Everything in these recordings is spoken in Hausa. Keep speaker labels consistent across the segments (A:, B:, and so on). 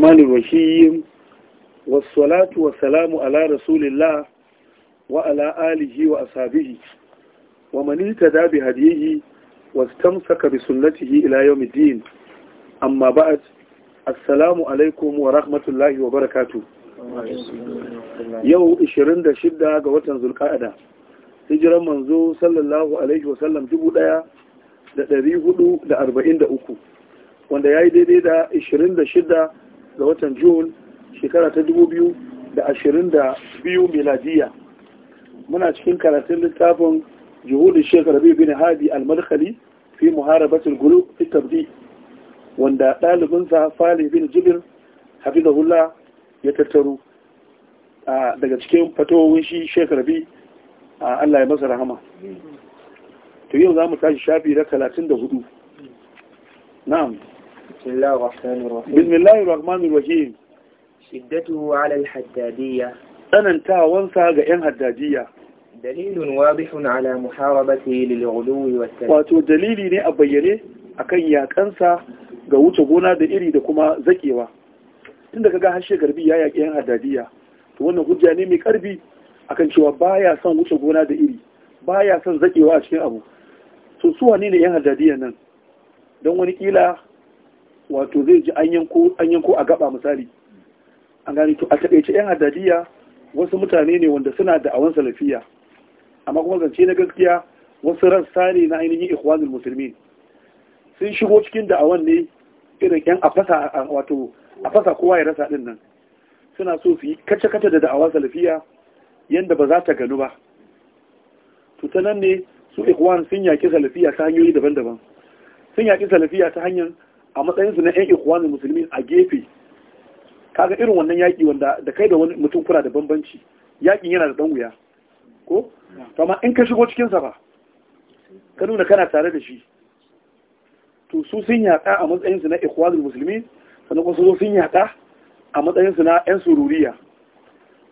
A: الرحمن الرحيم والصلاة والسلام على رسول الله وعلى آله وأصحابه ومن اهتدى بهديه واستمسك بسنته إلى يوم الدين أما بعد السلام عليكم ورحمة الله وبركاته يو إشرند شدة قوتنا ذو القائدة هجرا منذ صلى الله عليه وسلم جبوا لها دا أكو wanda ya yi daidai da 26 ga watan jun shekara ta da biyu miladiya muna cikin karatun littafin juhudin shekara biyu bin hadi al-madkhali fi muharabatul gulu fi tabdi wanda ɗalibinsa fali bin jibir hafizahullah ya tattaru. daga cikin fatowin shi shekara biyu Allah ya masa rahama to yau za mu tashi shafi na 34 na'am بسم الله الرحمن الرحيم بسم الله الرحمن الرحيم شدته على الحدادية أننتا وانسا غين حدادية دليل واضح على محاربته للغلو والتلف واتو دليلي ني أبيني أكن ياكنسا ga wuce gona da iri da kuma zakewa tun da kaga harshe garbi ya yaki yan hadadiya to wannan hujja ne mai karbi kan cewa baya son wuce gona da iri baya son zakewa a cikin abu to su wane ne yan hadadiya nan don wani kila wato zai ji an yanko a gaba misali an gani to a taɓaice 'yan adadiya wasu mutane ne wanda suna da awon salafiya amma kuma zance na gaskiya wasu rassa ne na ainihin ikhwanul musulmi sun shigo cikin da'awan ne irin 'yan afasa wato kowa ya rasa din nan suna so su yi kace-kace da da'awa salafiya yadda ba za ta ganu ba to ta nan ne su ikhwan sun yaƙi salafiya ta hanyoyi daban-daban sun yaƙi salafiya ta hanyar a matsayinsu na 'yan ikuwanin musulmi a gefe kaga irin wannan yaƙi wanda da kai da wani mutum kuna da bambanci yaƙin yana da ɗan wuya ko to amma in ka shigo cikinsa ba ka nuna kana tare da shi to su sun yaƙa a matsayinsu na ikuwanin musulmi sannan kuma su sun yaƙa a matsayinsu na 'yan sururiya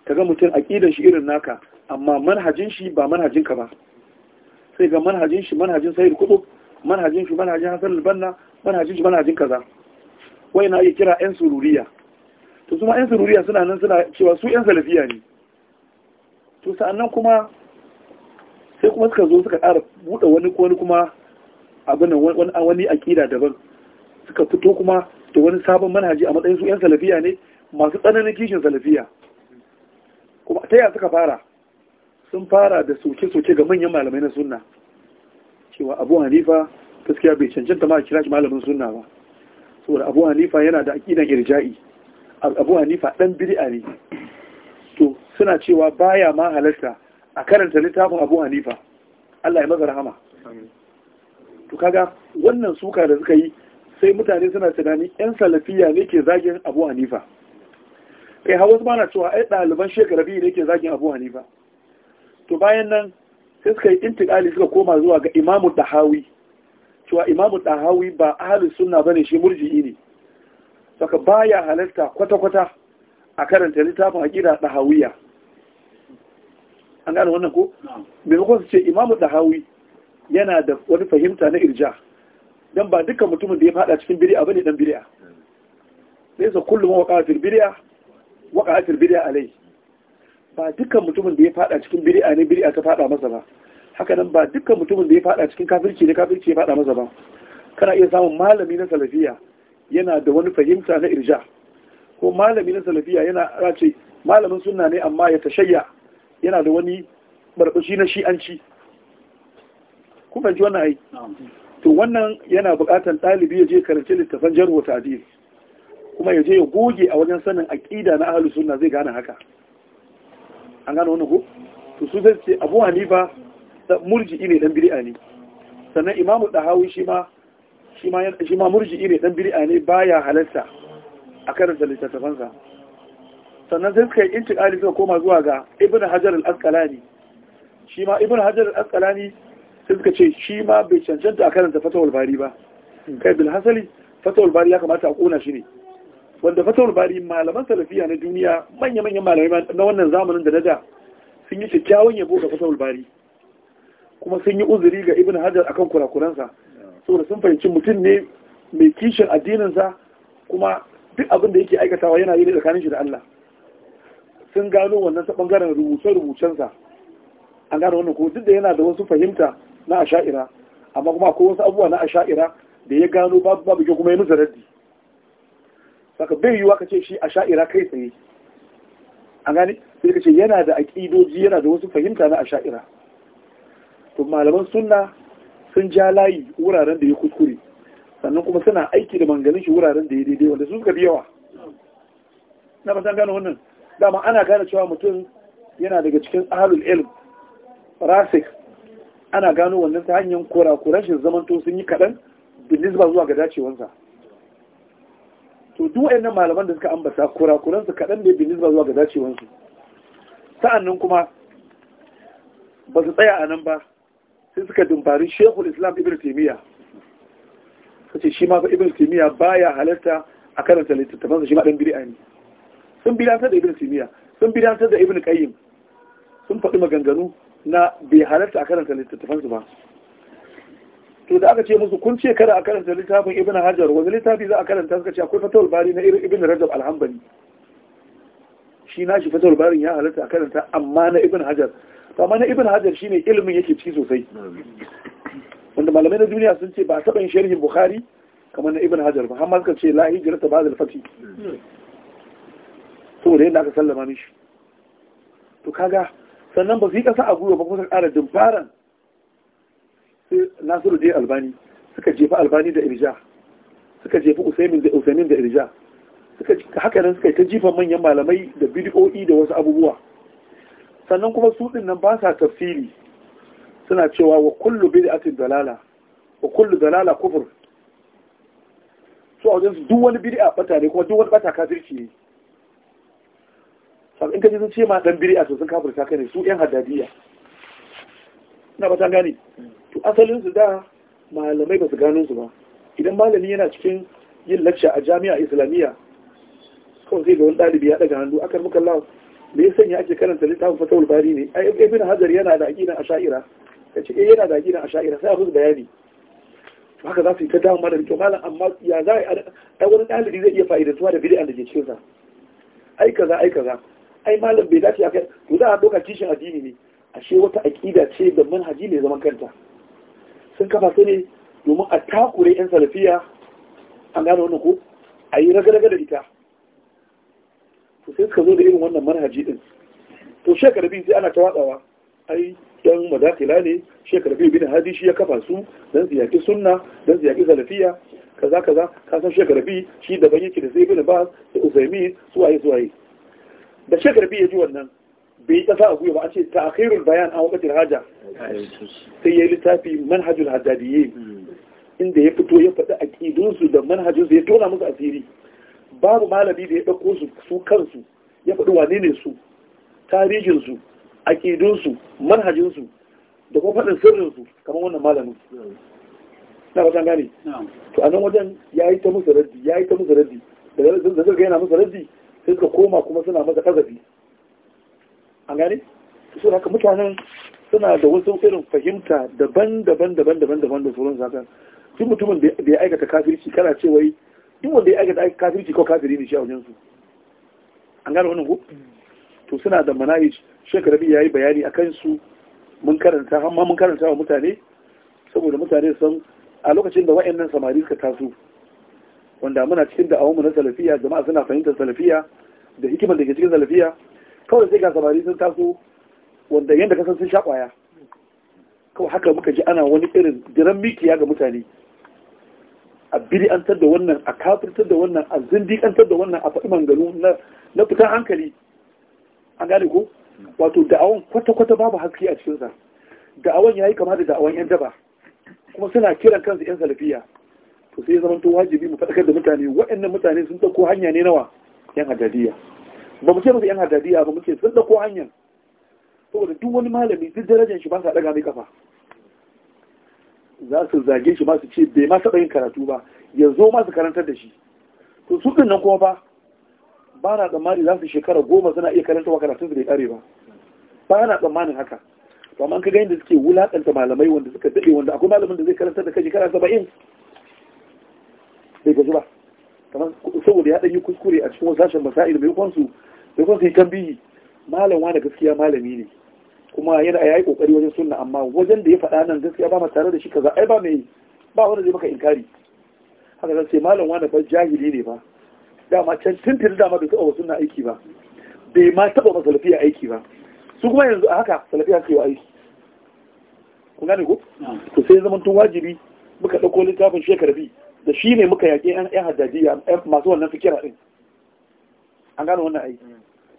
A: Ka ga mutum aƙidan shi irin naka amma manhajin shi ba manhajin ka ba sai ga manhajin shi manhajin sayar kuɗu manhajin shi manhajin hasan albanna manhajin shi manhajin kaza wai na iya kira yan sururiya to kuma yan sururiya suna nan suna cewa su yan salafiya ne to sa'annan kuma sai kuma suka zo suka ƙara buɗe wani wani kuma abin wani wani akida daban suka fito kuma da wani sabon manhaji a matsayin su yan salafiya ne masu tsananin kishin salafiya kuma ta yaya suka fara sun fara da soke-soke ga manyan malamai na sunna cewa abu hanifa gaskiya bai cancanta ma a kira shi malamin sunna ba saboda abu hanifa yana da aƙidan irja'i abu hanifa ɗan bid'a ne to suna cewa baya ma halarta a karanta littafin abu hanifa Allah ya masa rahama to kaga wannan suka da suka yi sai mutane suna tunani yan salafiya ne ke zagin abu hanifa kai hawa ma na cewa ai ɗaliban shekara biyu ne ke zagin abu hanifa to bayan nan sai suka yi intikali suka koma zuwa ga imamu dahawi cewa imamu dahawi ba ahalin suna bane shi murji'i ne saka baya halarta kwata-kwata a karanta littafin aƙida dahawiya an gane wannan ko maimakon su ce imamu dahawi yana da wani fahimta na irja dan ba dukkan mutumin da ya fada cikin bid'a bane dan bid'a Sai hmm. sa kullum waqa'a fil bid'a ba dukkan mutumin da ya fada cikin bid'a ne bid'a ta fada masa ba haka nan ba dukkan mutumin da ya fada cikin kafirci ne kafirci ya fada masa ba kana iya samun malami na salafiya yana da wani fahimta na irja ko malami na salafiya yana race malamin sunna ne amma ya tashayya yana da wani barbashi na shi'anci ku fahimci wannan ai to wannan yana buƙatar ɗalibi ya je karanta littafan jarwa ta'dil kuma ya je ya goge a wajen sanin aqida na ahlus sunna zai gane haka an gano wani ko to su zai ce abu hanifa murji ne dan a ne sannan imamu dahawi shi ma shi ma shi ma murji'i ne dan ya ne baya halarta a karanta littattafansa sannan zai suka yi intiqali suka koma zuwa ga ibnu hajar al-asqalani shi ma ibnu hajar al-asqalani sai suka ce shi ma bai cancanta a karanta fatawul bari ba kai bil hasali fatawul bari ya kamata a kona shi ne wanda fatawar bari malaman salafiya na duniya manya-manyan malamai na wannan zamanin da na da sun yi kyakkyawan yabo ga fatawar bari kuma sun yi uzuri ga ibn hajar akan kurakuransa saboda sun fahimci mutum ne mai kishin addininsa kuma duk abin da yake aikatawa yana yi tsakanin shi da Allah sun gano wannan ta bangaren rubuce-rubucensa an gano wannan kuma duk da yana da wasu fahimta na asha'ira amma kuma akwai wasu abubuwa na asha'ira da ya gano babu babu kuma ya musu raddi saka bai yiwuwa ka ce shi a sha'ira kai tsaye a gani sai ka ce yana da aƙidoji yana da wasu fahimta na a sha'ira to malaman sunna sun ja layi wuraren da ya kuskure sannan kuma suna aiki da manganin shi wuraren da ya daidai wanda sun bi yawa na ba san gano wannan dama ana gane cewa mutum yana daga cikin ahalul ilm rasik ana gano wannan ta hanyar kurakuran shi zamanto sun yi kaɗan bin ba zuwa ga dacewansa to duk wayannan malaman da suka ambata kurakuran su kadan da bin zuwa ga dacewansu. su sa'annan kuma ba su tsaya a nan ba sai suka dumfari shehul islam ibn taimiyya. kace shi ma fa ibn taymiya baya halarta a karanta littattafansa shi ma dan bid'a ne sun bidantar da ibn taimiyya, sun bidantar da ibn qayyim sun faɗi maganganu na bai halarta a karanta littattafansu ba to da aka ce musu kun ce kada a karanta littafin ibn hajar wani littafi za a karanta suka ce akwai fatawar bari na irin ibn rajab alhambali shi na shi fatawar barin ya halatta a karanta amma na ibn hajar to amma na ibn hajar shine ilimin yake ciki sosai wanda malamai na duniya sun ce ba a taɓa yin sharhin bukhari kamar na ibn hajar ba amma suka ce la hijira ta ba'da al-fati yadda aka sallama mishi to kaga sannan ba su yi kasa a gwiwa ba kuma ƙara dimfaran sai nasiru dai albani suka jefa albani da irja suka jefa usaimin da usaimin da irja suka haka nan suka yi ta jifan manyan malamai da bidiyoyi da wasu abubuwa sannan kuma su din nan ba sa tafsiri suna cewa wa kullu bid'atin dalala wa kullu dalala kufur su a wajen su duk wani bid'a bata ne kuma duk wani bata kafirci ne sabu in ka ji sun ce ma dan bid'a to sun kafirta kai ne su yan haddadiya suna ba gane to asalin su da malamai ba su gano su ba idan malami yana cikin yin lacca a jami'a islamiyya kawai zai ga wani ɗalibi ya daga hannu akar muka lawa me ya sanya ake karanta littafin fatawul bari ne ai ibn hajar yana da a sha'ira kace ce eh, yana da a sha'ira sai a musu bayani haka za su yi ta dama da rike malam amma ya za a ai wani ɗalibi zai iya fa'idantuwa da bid'a da ke cikin sa ai kaza ai kaza ai malam bai dace a kai to za a ɗauka kishin addini ne ashe wata aƙida ce da manhaji mai zaman kanta sun kafa su ne domin a takure 'yan salafiya an gane wannan ko a yi raga da ita to sai suka zo da irin wannan manhaji din to shekar biyu sai ana ta watsawa ai yan madakila ne shekar biyu bin hadi shi ya kafa su dan ziyarci sunna dan ziyarci salafiya kaza kaza ka san shekar biyu shi daban yake da sai bin ba da usaimi su ayi. da shekar biyu ya ji wannan bai ta a guya ba a ce ta akhirul bayan a wakatin hajja
B: sai
A: ya yi littafi manhajul hajjadiyye inda ya fito ya faɗi aƙidunsu da manhajinsu ya tona musu asiri babu malami da ya ɗauko su su kansu ya faɗi wane ne su tarihinsu aƙidunsu manhajinsu da kuma faɗin sirrinsu kamar wannan malamin na ba gane to a nan wajen ya yi ta musu raddi ya yi ta musu raddi da zai yana musu raddi sai suka koma kuma suna masa kazafi an gane su haka mutanen suna da wasu irin fahimta daban-daban daban-daban daban da sauran zakan duk mutumin da ya aikata kafirci kana ce wai duk wanda ya aikata kafirci ko kafiri ne shi a wajen su an gane wannan ko to suna da manayi shekara ya yayi bayani akan su mun karanta amma mun karanta wa mutane saboda mutane san a lokacin da wa'annan samari suka taso wanda muna cikin da mu na salafiya jama'a suna fahimtar salafiya da hikimar da ke cikin salafiya kawai sai ga samari sun taso wanda yadda kasan sun sha kwaya kawai haka muka ji ana wani irin diran mikiya ga mutane a biri an da wannan a kafirtar da wannan a zindiƙantar da wannan a faɗi manganu na fitan hankali an gane ko wato da'awan kwata-kwata babu haske a cikinsa da'awan ya yi kama da da'awan 'yan daba kuma suna kiran kansu 'yan salafiya to sai zama to wajibi mu faɗakar da mutane waɗannan mutane sun ɗauko hanya ne nawa 'yan hadadiyya ba mu ce musu yan hadadiya ba mu ce sun dauko hanyar saboda duk wani malami duk darajar shi ba sa daga mai kafa za su zage shi ba su ce bai ma saba yin karatu ba ya zo ma su karantar da shi to su ɗin nan kuma ba ba na tsammani za su shekara goma suna iya karanta wa karatun su bai ƙare ba ba na tsammanin haka to amma ka ga yadda suke wulaƙanta malamai wanda suka daɗe wanda akwai malamin da zai karantar da kai shekara saba'in bai gaji ba kamar saboda ya ɗan yi kuskure a cikin wasu sashen masa'il mai kwansu sai kun kan tambihi malam wani gaskiya malami ne kuma yana yayi kokari wajen sunna amma wajen da ya faɗa nan gaskiya ba mu tare da shi kaza ai ba mai ba wanda zai maka inkari haka zan sai malam wani ba jahili ne ba dama can tuntun dama bai taɓa wa sunna aiki ba bai ma taɓa ba salafiya aiki ba su kuma yanzu a haka salafiya ke wa aiki kun gane ko to sai zaman tun wajibi muka ɗauko littafin shekara bi da shi ne muka yaƙi 'yan haddadiya masu wannan fikira ɗin an gano wannan aiki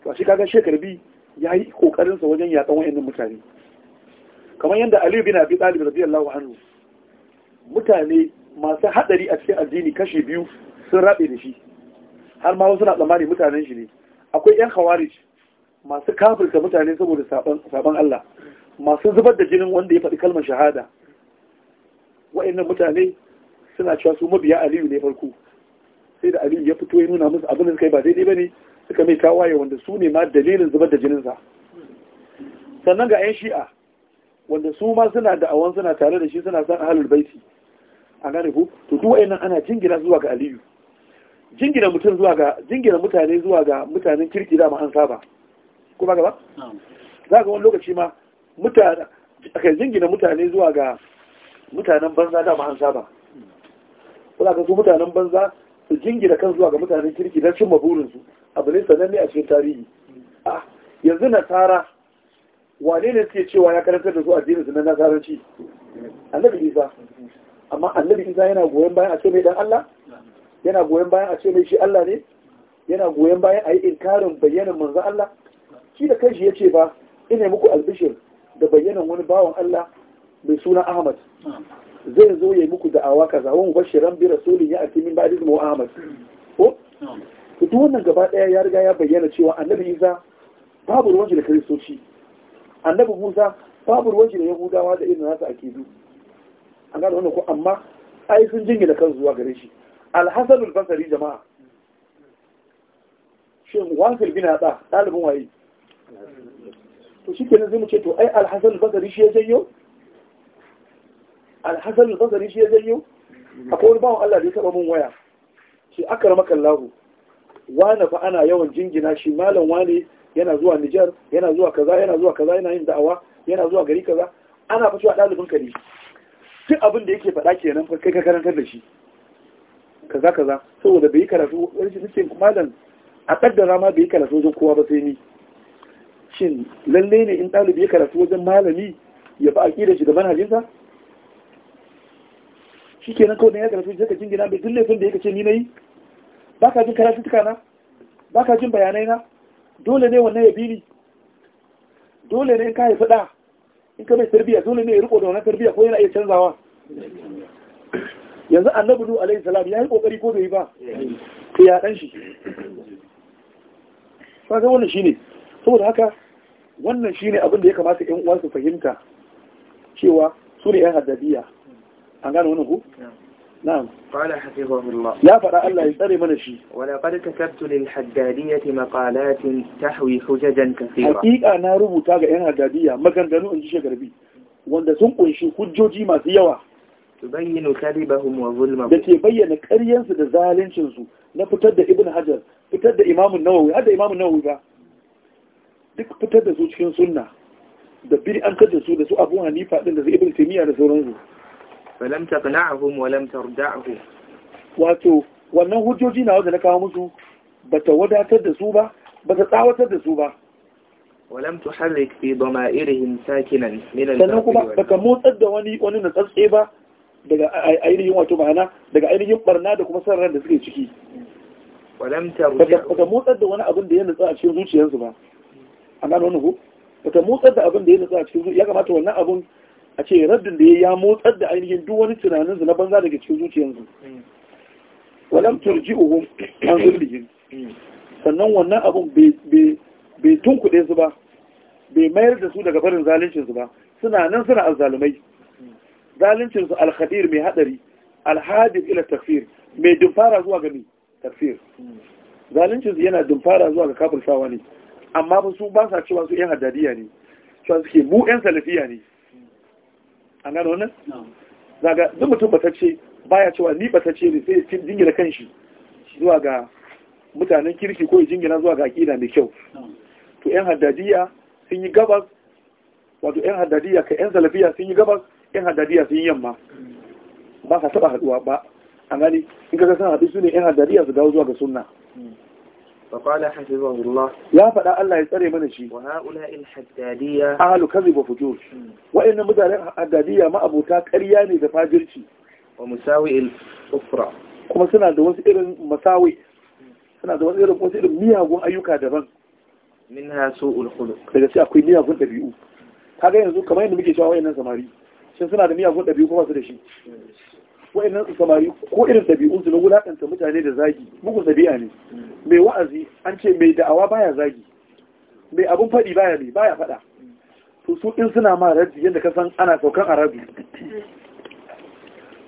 A: to shi kaga shekarbi ya yi kokarin sa wajen yatsan wayannan mutane kamar yadda Ali bin Abi Talib radiyallahu anhu mutane masu hadari a cikin addini kashe biyu sun rabe da shi har ma wasu na tsammani mutanen shi ne akwai yan khawarij masu kafirta mutane saboda saban Allah masu zubar da jinin wanda ya faɗi kalmar shahada wa'annan mutane suna cewa su mabiya Aliyu ne farko sai da Aliyu ya fito ya nuna musu abin da suka yi ba daidai bane suka mai tawaye wanda su ne ma dalilin zubar da jininsa sannan ga 'yan shi'a wanda su ma suna da awon suna tare da shi suna san ahalul baiti a gane ku to duk nan ana jingina zuwa ga aliyu jingina mutum zuwa ga jingina mutane zuwa ga mutanen kirki da ma an saba kuma gaba za ga wani lokaci ma mutane jingina mutane zuwa ga mutanen banza da ma an saba kuma ga su mutanen banza su jingina kan zuwa ga mutanen kirki don cimma burinsu abu ne sananne a cikin tarihi a yanzu nasara wane ne suke cewa ya karantar da su addinin su na nasaranci annabi isa amma annabi isa yana goyon bayan a ce mai dan Allah yana goyon bayan a ce mai shi Allah ne yana goyon bayan a yi inkarin bayyanin manzan Allah shi da kai shi ya ce ba ina muku albishir da bayyanan wani bawan Allah mai suna Ahmad zai zo ya yi muku da'awa kaza wani ran bi rasulun ya ati min ba'di ismu Ahmad ko to duk wannan gaba daya ya riga ya bayyana cewa annabi Isa babu ruwan da kristoci annabi Musa babu ruwan da yahudawa da irin nasu akidu an gano wannan ko amma ai sun da kan zuwa gare shi al al-basri jama'a shin wasil bin hada dalibin waye to shi kenan zai mu ce to ai al al-basri shi ya janyo al al-basri shi ya janyo akwai wani bawan Allah da ya taba mun waya ce akramaka Allahu wane fa ana yawan jingina shi malam wane yana zuwa Nijar yana zuwa kaza yana zuwa kaza yana yin da'awa yana zuwa gari kaza ana fa cewa ɗalibin ka ne duk abin da yake faɗa kenan fa kai ka karantar da shi kaza kaza saboda bai karatu wani shi malam a kaddara ma bai karatu wajen kowa ba sai ni shin lalle ne in ɗalibi ya karatu wajen malami ya fi aƙida shi da manhajinsa shi kenan kawai ya karatu shi ka jingina bai duk laifin da ya kace ni na yi ba ka jin karatuttuka na baka jin bayanai na dole ne wannan ya bini dole ne in ka haifi ɗa in ka mai tarbiyya dole ne ya riko da wannan tarbiyya ko yana iya canzawa yanzu annabi nu alayhi salam ya yi kokari ko bai yi ba sai ya dan shi kaga wannan shine saboda haka wannan shine abin da ya kamata ƴan uwa su fahimta cewa su ne ƴan haddadiya an gane wannan ku نعم قال حفظه الله لا فرع الله يسأل من الشيء ولقد كتبت للحدادية مقالات تحوي حججا كثيرة حقيقة أنا ربو تاقع إنها دادية ما كان دانو أنجي شكربي وأن سنقو إنشي حجوجي ما سيوا تبين كذبهم وظلمهم التي بين كريان سد زالين شنسو نفتد ابن حجر فتد إمام النووي هذا إمام النووي ذا duk fitar da su cikin sunna da biri an kada su da su abu hanifa din da su ibn taymiya da sauransu falam ta ruda a hun. wato wannan hujjoji na wanda na kawo musu ba ta wadatar da su ba ba ta tsawatar da su ba walam tuharrik fi dama'irihim sakinan da sannan kuma baka motsar da wani wani na tsatse ba daga ainihin wato ma'ana daga ainihin barna da kuma sararar da suke ciki walam tarja baka motsar da wani abin da ya nutsa a cikin zuciyarsu ba an gano wannan ko motsar da abin da ya nutsa a cikin zuciyarsu ya kamata wannan abin a ce raddin da ya motsar da ainihin duk wani tunanin su na banza daga cikin zuciyarsu walam uku an zulmihim sannan wannan abun bai tunkuɗe su ba bai mayar da su daga barin zalincin su ba suna nan suna azzalumai zalincin su alkhadir mai hadari alhadis ila takfir mai dumfara zuwa ga mai takfir zalincin su yana dumfara zuwa ga sawa ne amma ba su ba sa cewa su yan haddadiya ne cewa suke mu yan salafiya ne an gano nan? zaga duk mutum batacce baya cewa ni batacce ne sai cin jingina kanshi zuwa ga mutanen kirki ko ya jingina zuwa ga aqida mai kyau to yan haddadiya sun yi gabas wato yan haddadiya ka yan salafiya sun yi gabas yan haddadiya sun yi yamma ba ka taba haduwa ba an gani in ka san haɗu su ne yan haddadiya su dawo zuwa ga sunna hmm. فقال حفظه الله يا فدا الله يسري من شيء وهؤلاء الحدادية أهل كذب وفجور وإن مدار الحدادية ما أبو تاك أرياني دفاجرشي ومساوي الأخرى كما سنة دوس إرن مساوي سنة دوس إرن دوس إرن مياه وان أيوكا دبان منها سوء الخلق daga sai akwai miyagun ɗabi'u kaga yanzu kamar yadda muke cewa wayannan samari shin suna da miyagun ɗabi'u ko ba su da shi wa'annan samari ko irin dabi'un su na wulaƙanta mutane da zagi mugun ɗabi'a ne mai wa'azi an ce mai da'awa baya zagi mai abun faɗi baya mai baya faɗa to su in suna ma raddi yadda ka san ana saukan arabi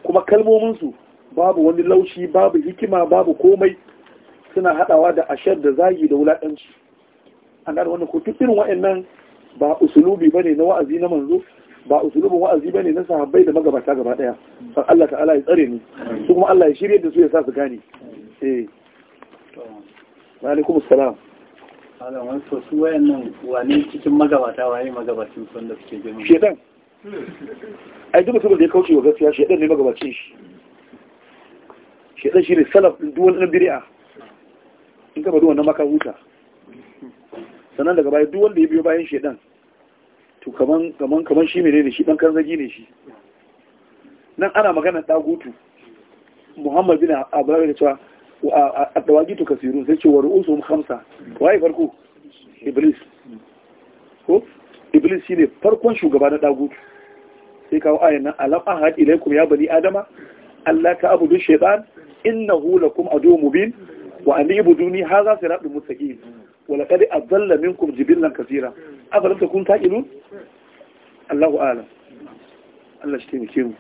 A: kuma kalmomin su babu wani laushi babu hikima babu komai suna haɗawa da ashar da zagi da wulaƙanci an da wani ko irin wa'annan ba usulubi ne na wa'azi na manzo ba usulubin wa'azi ba ne na sahabbai da magabata gaba daya san Allah ta'ala ya tsare ni su kuma Allah ya shirye da su ya sa su gane eh alaikum assalam Allah wani so su wayannan wane cikin magabata waye magabacin sun da suke gani shedan ai duk mutumin da ya kauce wa gaskiya shedan ne magabacin shi shedan ne salaf duk wani biri'a. in ka bari wannan maka huta sannan daga baya duk wanda ya biyo bayan shedan to kaman kaman kaman shi shi dan karzagi ne shi nan ana magana ɗagutu, muhammad bin abdullahi da cewa a dawagi to kasiru sai ce wa ru'usum khamsa waye farko iblis ko iblis shine farkon shugaba na ɗagutu. sai kawo ayan nan alam ahad ilaikum ya bani adama Allah ka abudu shaytan innahu lakum adu mubin wa an ibuduni hadha siratun mustaqim wala kadi azalla minkum jibillan kasira afalam takun taqilun Allahu a'lam Allah shi taimake mu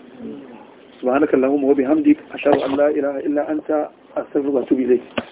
A: subhanakallahumma hamdi a ashhadu an la ilaha illa anta astaghfiruka